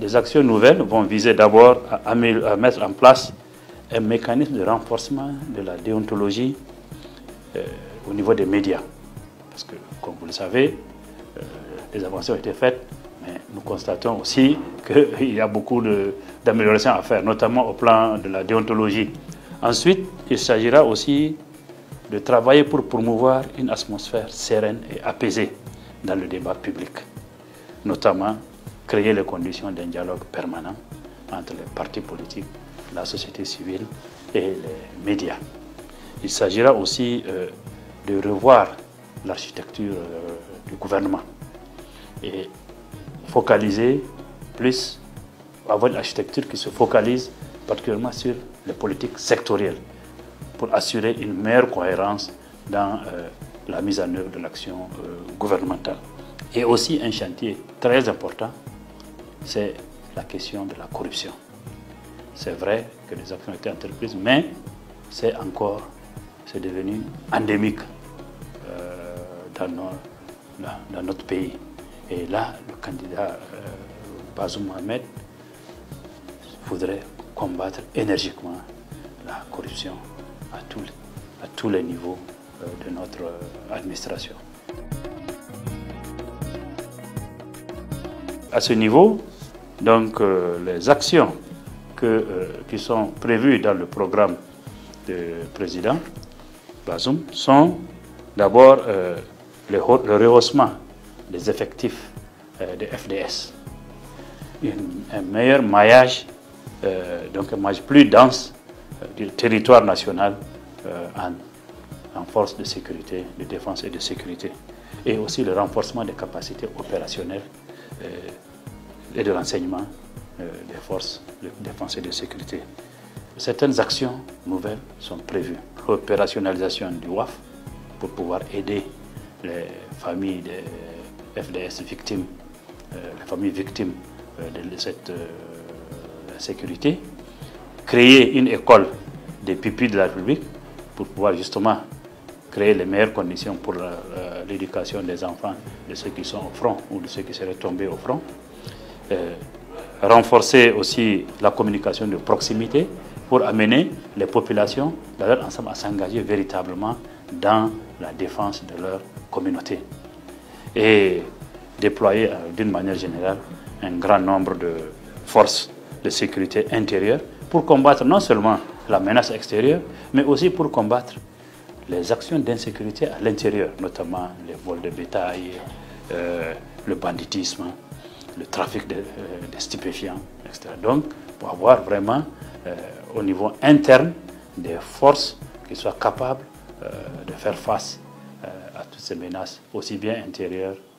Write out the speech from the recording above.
les actions nouvelles vont viser d'abord à, mettre en place un mécanisme de renforcement de la déontologie euh, au niveau des médias. Parce que, comme vous le savez, euh, des avancées ont été faites, mais nous constatons aussi qu'il y a beaucoup d'améliorations à faire, notamment au plan de la déontologie. Ensuite, il s'agira aussi de travailler pour promouvoir une atmosphère sereine et apaisée dans le débat public, notamment créer les conditions d'un dialogue permanent entre les partis politiques, la société civile et les médias. Il s'agira aussi euh, de revoir l'architecture euh, du gouvernement et focaliser plus, avoir une architecture qui se focalise particulièrement sur les politiques sectorielles pour assurer une meilleure cohérence dans euh, la mise en œuvre de l'action gouvernementale. Et aussi un chantier très important c'est la question de la corruption. C'est vrai que les actions ont été entreprises, mais c'est encore, c'est devenu endémique euh, dans, notre pays. Et là, le candidat euh, Bazoum Mohamed voudrait combattre énergiquement la corruption à, tous les niveaux euh, de notre administration. À ce niveau, donc euh, les actions euh, qui sont prévues dans le programme du président Bazoum sont d'abord euh, le, rehaussement des effectifs des FDS, un meilleur maillage, donc un maillage plus dense du territoire national en, en force de sécurité, de défense et de sécurité, et aussi le renforcement des capacités opérationnelles et de l'enseignement euh, des forces de défense et de sécurité. Certaines actions nouvelles sont prévues. opérationnalisation du WAF pour pouvoir aider les familles des FDS victimes, euh, les familles victimes euh, de cette sécurité. Créer une école des pupilles de la République pour pouvoir justement créer les meilleures conditions pour l'éducation des enfants, de ceux qui sont au front ou de ceux qui seraient tombés au front. Euh, renforcer aussi la communication de proximité pour amener les populations d'ailleurs ensemble à s'engager véritablement dans la défense de leur communauté et déployer euh, d'une manière générale un grand nombre de forces de sécurité intérieure pour combattre non seulement la menace extérieure, mais aussi pour combattre les actions d'insécurité à l'intérieur, notamment les vols de bétail, euh, le banditisme, le trafic de, euh, stupéfiants, etc. Donc, pour avoir vraiment euh, au niveau interne des forces qui soient capables euh, de faire face à toutes ces menaces, aussi bien intérieures